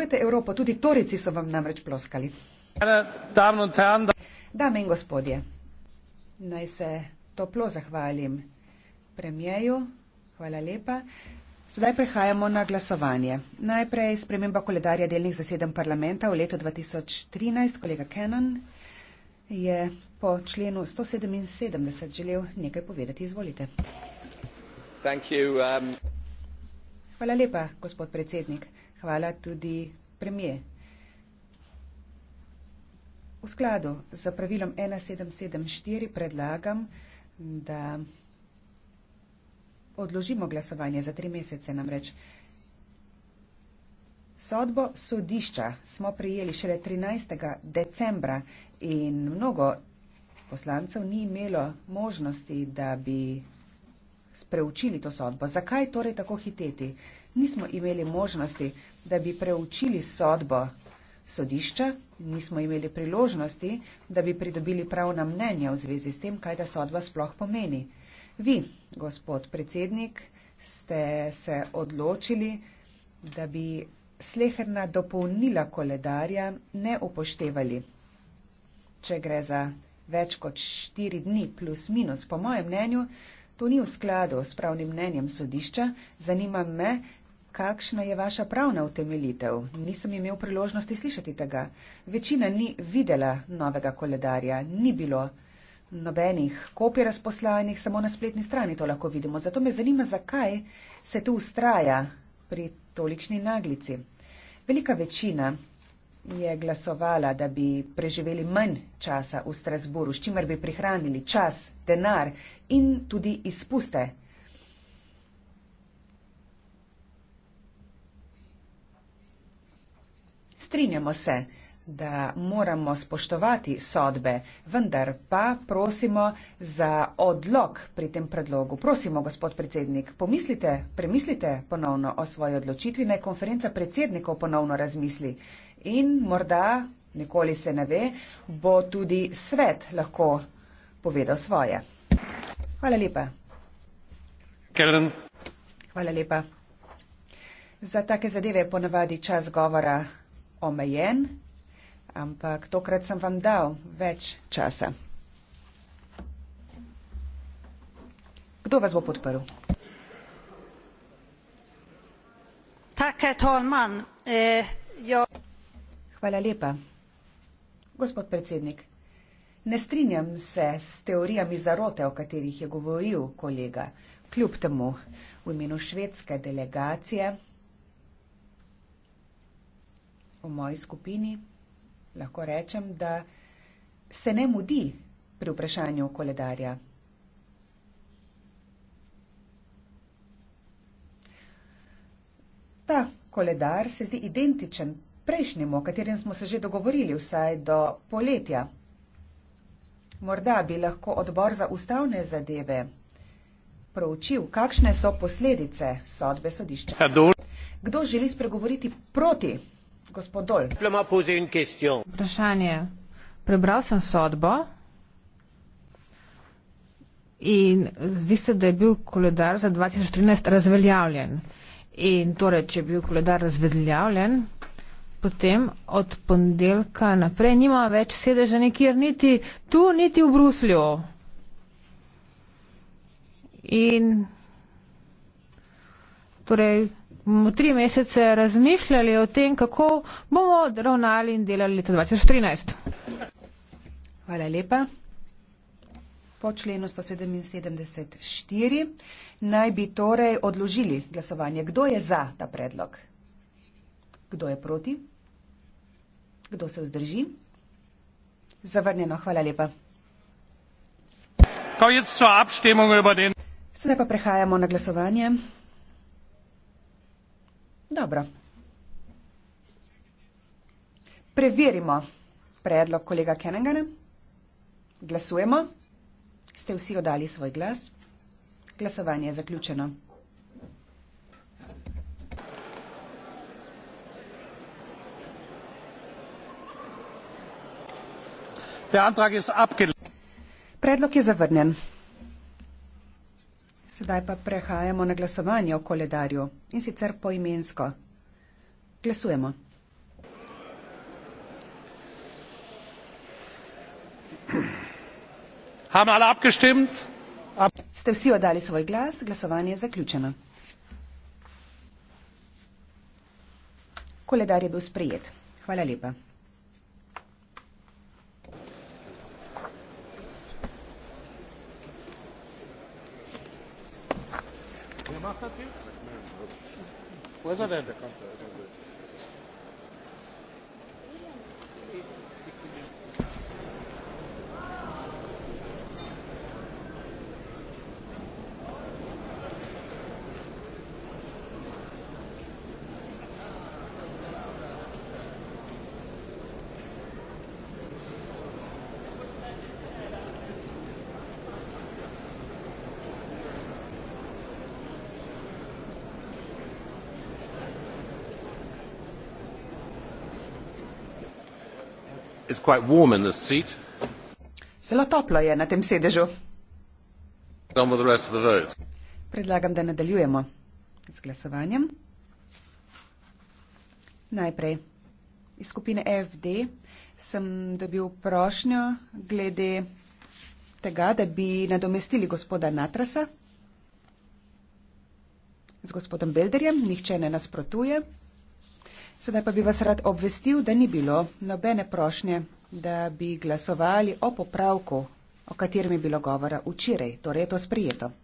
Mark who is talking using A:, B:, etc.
A: pričakujete Evropo, tudi torici so vam namreč ploskali. Dame in gospodje, naj se toplo zahvalim premijeju, hvala lepa. Sedaj prehajamo na glasovanje. Najprej sprememba koledarja delnih zasedem parlamenta v letu 2013. Kolega Kenan je po členu 177 želel nekaj povedati. Izvolite. Um- hvala lepa, gospod predsednik. Hvala tudi premije. V skladu z pravilom 1774 predlagam, da odložimo glasovanje za tri mesece namreč. Sodbo sodišča smo prijeli šele 13. decembra in mnogo poslancev ni imelo možnosti, da bi spreučili to sodbo. Zakaj torej tako hiteti? Nismo imeli možnosti da bi preučili sodbo sodišča, nismo imeli priložnosti, da bi pridobili pravna mnenja v zvezi s tem, kaj ta sodba sploh pomeni. Vi, gospod predsednik, ste se odločili, da bi sleherna dopolnila koledarja ne upoštevali, če gre za več kot štiri dni plus minus. Po mojem mnenju, to ni v skladu s pravnim mnenjem sodišča. Zanima me, kakšna je vaša pravna utemelitev? Nisem imel priložnosti slišati tega. Večina ni videla novega koledarja, ni bilo nobenih kopij razposlanih, samo na spletni strani to lahko vidimo. Zato me zanima, zakaj se tu ustraja pri tolikšni naglici. Velika večina je glasovala, da bi preživeli manj časa v Strasburu, s čimer bi prihranili čas, denar in tudi izpuste. strinjamo se, da moramo spoštovati sodbe, vendar pa prosimo za odlog pri tem predlogu. Prosimo, gospod predsednik, pomislite, premislite ponovno o svoji odločitvi, naj konferenca predsednikov ponovno razmisli in morda, nikoli se ne ve, bo tudi svet lahko povedal svoje. Hvala lepa. Kellen. Hvala lepa. Za take zadeve je ponavadi čas govora omejen, ampak tokrat sem vam dal več časa. Kdo vas bo podprl? Eh, Hvala lepa. Gospod predsednik, ne strinjam se s teorijami zarote, o katerih je govoril kolega. Kljub temu v imenu švedske delegacije v moji skupini, lahko rečem, da se ne mudi pri vprašanju koledarja. Ta koledar se zdi identičen prejšnjemu, o katerem smo se že dogovorili vsaj do poletja. Morda bi lahko odbor za ustavne zadeve proučil, kakšne so posledice sodbe sodišča. Ja, Kdo želi spregovoriti proti Vprašanje. Prebral sem sodbo in zdi se, da je bil koledar za 2013 razveljavljen. In torej, če je bil koledar razveljavljen, potem od ponedeljka naprej nima več sedeža nikjer, niti tu, niti v Bruslju. In torej bomo tri mesece razmišljali o tem, kako bomo ravnali in delali leta 2013. Hvala lepa. Po členu 174 naj bi torej odložili glasovanje. Kdo je za ta predlog? Kdo je proti? Kdo se vzdrži? Zavrnjeno. Hvala lepa. Sedaj pa prehajamo na glasovanje. Dobro. Preverimo predlog kolega Kenengana. Glasujemo. Ste vsi oddali svoj glas? Glasovanje je zaključeno. Predlog je zavrnjen. Sedaj pa prehajamo na glasovanje o koledarju in sicer poimensko. Glasujemo. Ste vsi oddali svoj glas, glasovanje je zaključeno. Koledar je bil sprejet. Hvala lepa. Wo ist er denn? Der kommt da. It's quite warm in this seat. Zelo toplo je na tem sedežu. Predlagam, da nadaljujemo z glasovanjem. Najprej iz skupine FD sem dobil prošnjo glede tega, da bi nadomestili gospoda Natrasa z gospodom Belderjem. Nihče ne nasprotuje. Sedaj pa bi vas rad obvestil, da ni bilo nobene prošnje, da bi glasovali o popravku, o katerem je bilo govora včeraj, torej je to sprijeto.